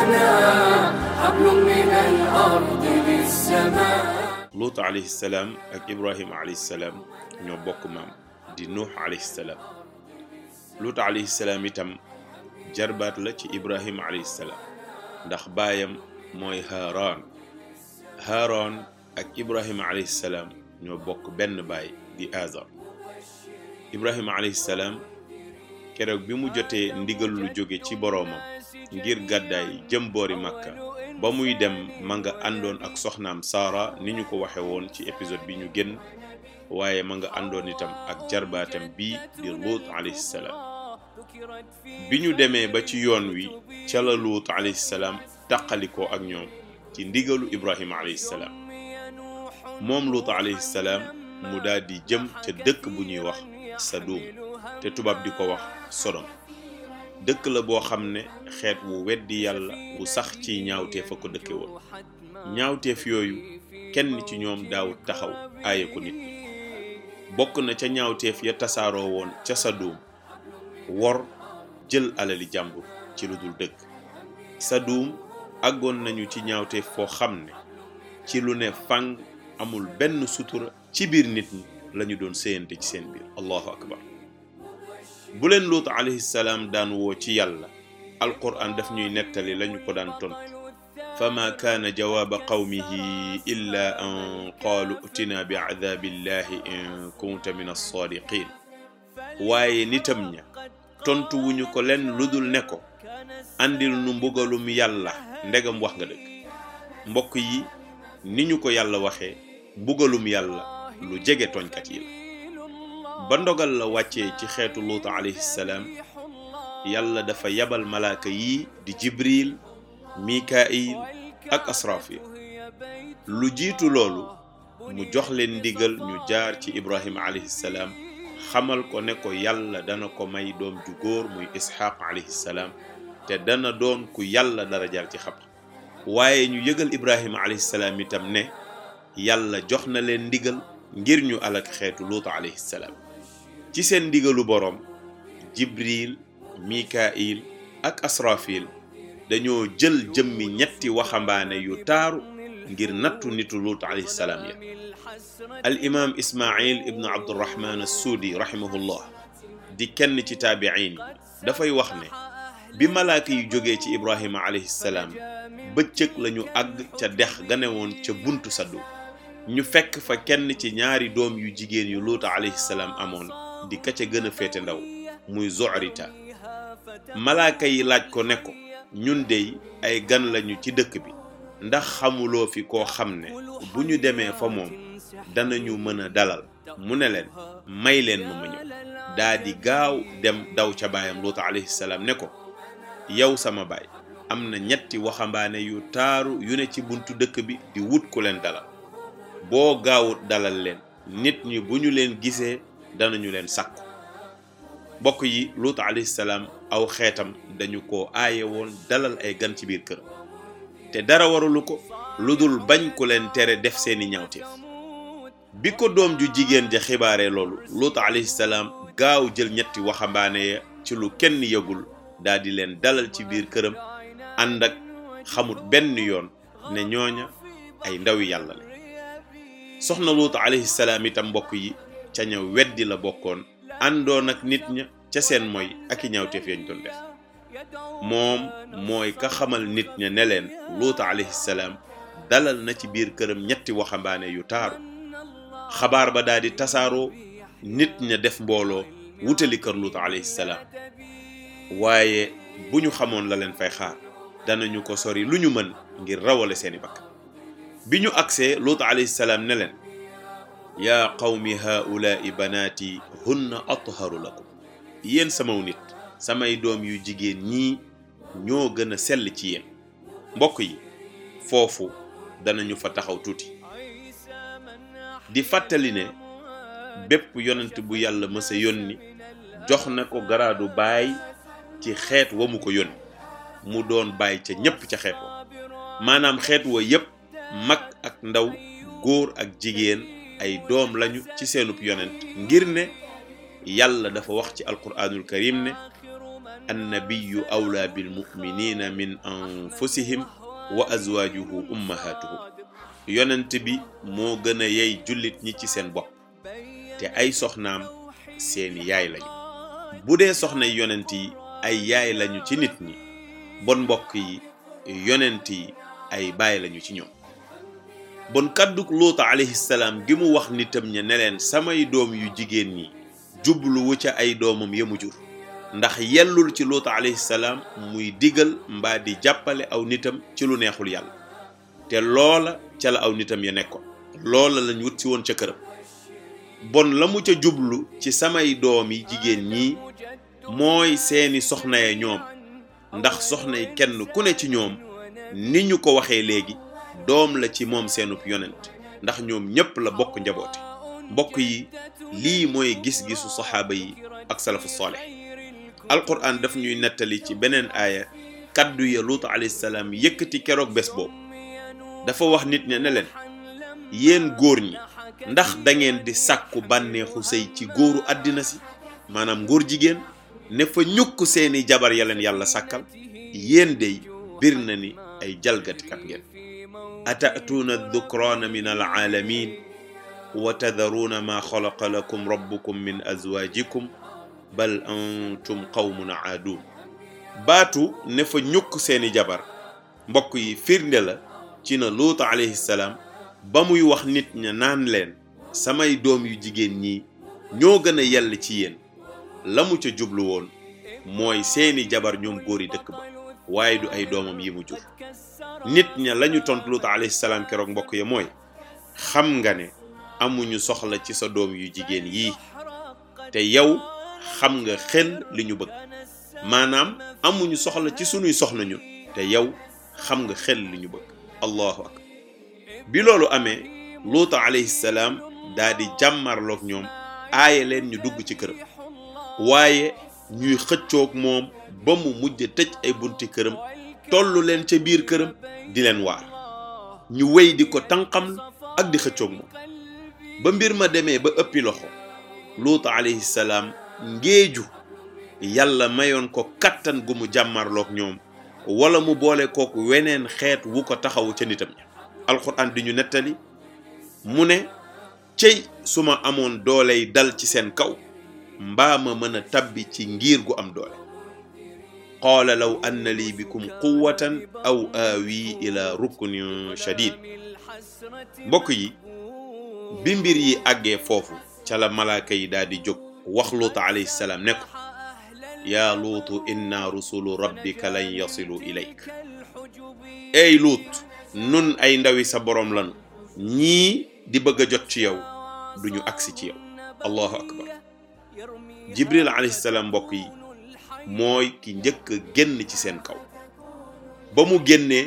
لنا حبل من الأرض للسماء Luut alayhi salaam ak Ibrahim alayhi salaam itam jarbaat la ci Ibrahim alayhi ndax baayam mooy Haaroon Haaroon ak Ibrahim alayhi salaam ñoo bokk benn baay di Azar Ibrahim alayhi salaam keroog bi mu jotee ndigal lu jóge ci boroomam ngir gàddaay jëm boori Makka ba muy dem ma nga àndoon ak soxnaam Saara ni ñu ko waxe woon ci épisode bi ñu génn waaye ma nga àndoon itam ak jarbaatam bi di Luut alayhi bi ñu demee ba ci yoon wi ca la Luut alayhi taqalikoo ak ñoom ci ndigalu Ibrahima alayhi salaam moom Luut alayhi mu daldi jëm ca dëkk bu ñuy wax Sadum te tubaab di ko wax Sodom dëkk la boo xam ne xeet wu weddi yàlla bu sax ci ñaawteef a ko dëkke woon ñaawteef yooyu kenn ci ñoom daawut taxaw aaye ko nit bokk na ca ñaawteef ya tasaaroo woon ca Sadum wor jël alali jàmbur ci lu dul dëgg Sadum àggoon nañu ci ñaawteef foo xam ne ci lu ne fang amul benn sutura ci biir nit ñi lañu doon séyante ci seen biir allahu akbar bu leen luutu alayhi salaam daan woo ci yàlla alquran daf ñuy nettali lañu ko daan tontu fama kaana jawaaba qawmihi illa an qaalu utina bi aadabillahi in kunta min alsaadiqin waaye nitam ña tontu ko leen ludul ne ko andil nu mbugalum yàlla ndegam wax nga dëgg mbokk yi ni ñu ko yàlla waxe mbugalum yàlla lu jege tooñkat yi ba ndogal la wàccee ci xeetu luut alayhi salaam yàlla dafa yabal malaaka yi di jibril mikail ak asrafil lu jiitu loolu mu jox leen ndigal ñu jaar ci ibrahim alayhi salaam xamal ko ne ko yàlla dana ko may doom ju góor muy isxaq alayhi salaam te dana doon ku yàlla dara jaar ci xam waaye ñu yëgal ibrahim alayhi salaam itam ne yàlla jox na leen ndigal ngir ñu alak xeetu luuta alayhi salaam ci seen ndigalu boroom jibril mikail ak asrafil dañoo jël jëmmi ñetti waxambaane yu taaru ngir nattu nitu luut alayhi salaam ya al imam ismail ibnu abdurahman assuudi rahimahullah di kenn ci taabiin dafay wax ne bi malaaka yu jóge ci ibrahima alayhi salaam bëccëg lañu àgg ca dex ga ne woon ca buntu saddu ñu fekk fa kenn ci ñaari doom yu jigéen yu luuta alayhi amoon di ka ca gën a féete ndaw muy zorita malaaka yi laaj ko ne ko ñun dey ay gan lañu ci dëkk bi ndax xamuloo fi koo xam ne bu ñu demee fa moom danañu mën a dalal mu ne leen may leen ma ma ñëw di gaaw dem daw ca baayam luuta alayhi salaam ne ko yow sama baay am na ñetti waxambaane yu taaru yu ne ci buntu dëkk bi di wut ku leen dalal boo gaawut dalal leen nit ñi bu ñu leen gisee danañu leen sàkku mbokk yi Luut alayhi salaam aw xeetam dañu ko aaye woon dalal ay gan ci biir kër te dara waralu ko lu dul bañ ku leen tere def seeni ñaawteef bi ko doom ju jigéen ja xibaare loolu Luut alayhi salaam gaaw jël ñetti waxambaane ya ci lu kenn yëgul daldi leen dalal ci biir këram ànd ak xamut benn yoon ne ñooña ay ndawi yàlla la soxna Luut alayhi itam mbokk yi ca ña weddi la bokkoon àndoon ak nit ña ca seen mooy ak i ñaawteef yañ doon def moom mooy ka xamal nit ña ne leen luuta alayhi dalal na ci biir këram ñetti waxambaane yu taaru xabaar ba daal di tasaaroo nit ña def mbooloo wutali kër luuta alayhi waaye bu ñu xamoon la leen fay xaar danañu ko sori lu ñu mën ngir rawale seeni bakk bi ñu agsee luuta alayhi ne leen yaa qawmi haulaai banaati hunna atharu lakum yéen samaw nit samay doom yu jigéen ñi ñoo gën a sell ci yéen mbokk yi foofu danañu fa taxaw tuuti di fàttali ne bépp yonent bu yàlla mësa yónni jox na ko garaadu baay ci xeet wa mu ko yónni mu doon baay ca ñépp ca xeet wa maanaam xeet wa yépp mag ak ndaw góor ak jigéen ay doom lañu ci seenub yonent ngir ne yàlla dafa wax ci alquraanul karim ne annabiyu awlaa bil muminina min anfusihim wa azwaajuhu ummahatuhum yonent bi moo gën a yey jullit ñi ci seen bopp te ay soxnaam seeni yaay lañu bu dee soxna yonent yi ay yaay lañu ci nit ñi bon mbokk yi yonent yi ay baay lañu ci ñoom bon kàddu Luuta alayhi salaam gi mu wax nitam ña ne samay doom yu jigéen ñi jubluwu ca ay doomam ya mu ndax yellul ci Luuta alayhi salaam muy digal mbaa di jàppale aw nitam ci lu neexul yàlla te loola ca la aw nitam ya nekkoon loola lañ wut si woon ca këram bon la mu ca jublu ci samay doom yi jigéen ñi mooy seeni soxna ya ñoom ndax soxna yi kenn ku ne ci ñoom ni ñu ko waxee léegi doom la ci moom seenub yonent ndax ñoom ñépp la bokk njaboote mbokk yi lii mooy gis-gisu saxaaba yi ak salafu saalih alquran daf ñuy nettali ci beneen aaya kàddu ya luut alayhi salaam keroog bés boobu dafa wax nit ne ne leen yéen góor ñi ndax dangeen di sàkku bànneexu sëy ci góoru àddina si maanaam ngóor jigéen ne fa ñukk seeni jabar ya leen yàlla sàkkal yéen dey biir na ni ay jalgatikat ngeen atatuuna dukraana min alaalamin wa tadaruuna maa xalaqa lakum rabbukum min azwaajikum bal antum qawmun aadun baatu ne fa ñukk seeni jabar mbokk yi firnde la ci na luuta alayhi ba muy wax nit ña naan leen samay doom yu jigéen ñi ñoo gën a yell ci yéen la mu ca jublu woon mooy seeni jabar ñoom góori dëkk ba waaye du ay doomam yi mu jur nit ña la tontu Luut alayhi salaam keroog mbokk ya mooy xam nga ne amuñu soxla ci sa doom yu jigéen yii te yow xam nga xel li ñu bëgg maanaam amuñu soxla ci sunuy soxna ñun te yow xam nga xel li ñu bëgg allahu akbar bi loolu amee Luut alayhi salaam daa di jàmmarloog ñoom aaye leen ñu dugg ci këram waaye ñuy xëccook moom ba mu mujj tëj ay bunti këram tollu leen ca biir këram di leen waar ñu wéy di ko tànqam ak di xëccoog moom ba mbir ma demee ba ëppi loxo luut alayhi salaam ngéeju yàlla mayoon ko kattan gu mu jàmmarloog ñoom walla mu boole kook weneen xeet wu ko taxawu ca nitam ña alxuraan di ñu nettali mu ne cey su ma amoon dooley dal ci seen kaw mbaa ma mën a tabbi ci ngiir gu am doole qaala law anna lii bikum quwwatan aw aawi ila ruknin shadid mbokk yi bi mbir yi àggee foofu ca la malaaka yi daal di jóg wax luuta alayhi salaam ne ko yaa luutu inna rusulu rabbika lan yasilu ilayk ey luut nun ay ndawi sa boroom lanu ñii di bëgg a jot ci yow duñu agsi ci yow allahu akbar jibril alayhi salaam mbokk yi mooy ki njëkk a génn ci seen kaw ba mu génnee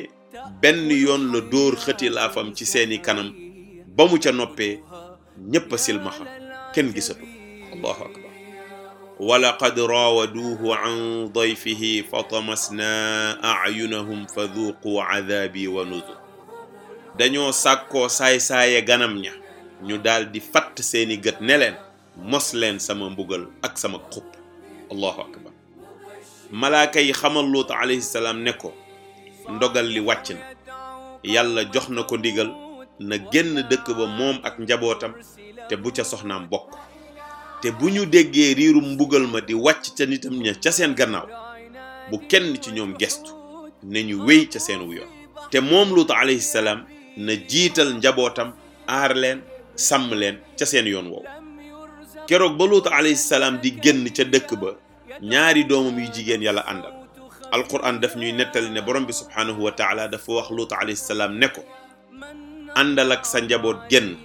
benn yoon la dóor xëti laafam ci seeni kanam ba mu ca noppee ñépp a kenn gisatu allahu akbar wa laqad raawaduuhu an dayfihi fa tamasna ayunahum fa duuqu aadaabi wa nuzur dañoo sàkkoo saay-saaye ganam ña ñu daldi di fatt seeni gët ne leen mos leen sama mbugal ak sama xupp malaaka yi xamal Luut alayhi salaam ne ko ndogal li wàcc na yàlla jox na ko ndigal na génn dëkk ba moom ak njabootam te bu ca soxnaam bokk te bu ñu déggee riirum mbugal ma di wàcc ca nitam ña ca seen gannaaw bu kenn ci ñoom gestu nañu wéy ca seen yoon te moom Luut alayhi salaam na jiital njabootam aar leen sàmm leen ca seen yoon woowu keroog ba Luut alayhi di génn ca dëkk ba ñaari doomam yu jigéen yàlla àndal alquran daf ñuy nettali ne borom bi subhaanahu wa taala dafa wax luut alayhi salaam ne ko àndal ak sa njaboot génn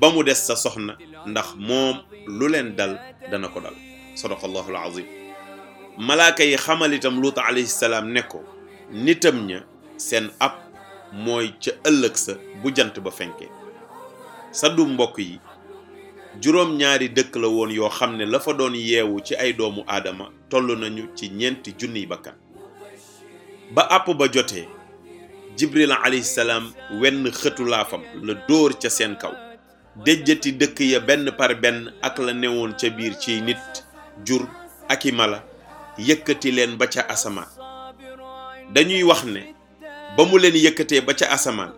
ba mu des sa soxna ndax moom lu leen dal dana ko dal sadaqallahu alazim malaaka yi xamal itam luut alayhi salaam ne ko nitam ña seen ab mooy ca ëllëg sa bu jant ba fenkee du mbokk yi juróom-ñaari dëkk la woon yoo xam ne la fa doon yeewu ci ay doomu aadama toll nañu ci ñeenti junniy bakkan ba àpp ba jotee jibril alayhi salaam wenn xëtulaafam la dóor ca seen kaw déjjati dëkk ya benn par benn ak la newoon ca biir ciy nit jur ak i mala yëkkati leen ba ca asamaan dañuy wax ne ba mu leen yëkkatee ba ca asamaan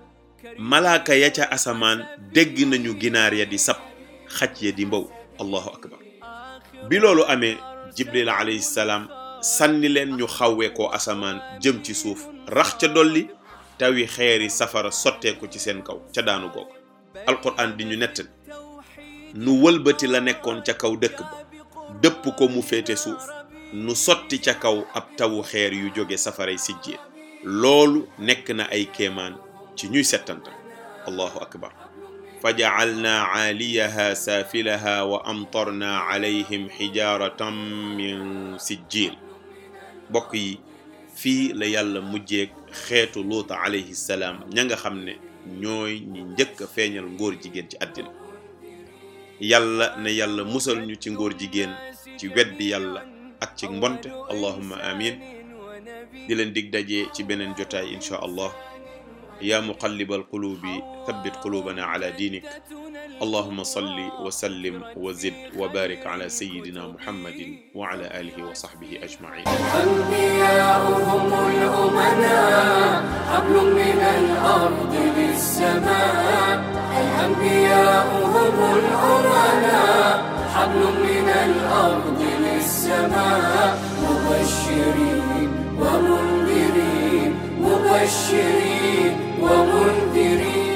malaaka ya ca asamaan dégg nañu ginaar ya di sab xaj ya di mbaw allahu akbar bi loolu amee jibril alayhi salaam sànni leen ñu xawe ko asamaan jëm ci suuf rax ca dolli tawi xeeri safara sotteeku ci seen kaw ca daanu googu alquran di ñu nettali nu wëlbati la nekkoon ca kaw dëkk ba dëpp ko mu féete suuf nu sotti ca kaw ab tawu xeer yu jóge safaray sijjee loolu nekk na ay kéemaan ci ñuy settantal allahu akbar fajacalnaa caaliyaha saafilaha wa amtarnaa calayhim xijaaratan min sijjiil bokk yi fii la yàlla mujjeek xeetu luuta alayhi salaam ña nga xam ne ñooy ñi njëkk a feeñal ngóor jigéen ci àddina yàlla ne yàlla musal ñu ci ngóor jigéen ci weddi yàlla ak ci mbonte allahumma amin di leen dig daje ci beneen jotaay incha allah yaa muqallibal quluubi thabbit quluubana ala diinik allahuma salli wa sallim wa zid wa barik ala sayidina muhammadin wa ala alihi wa sahbihi ajmain مبشرين ومنذرين مبشرين ومنذرين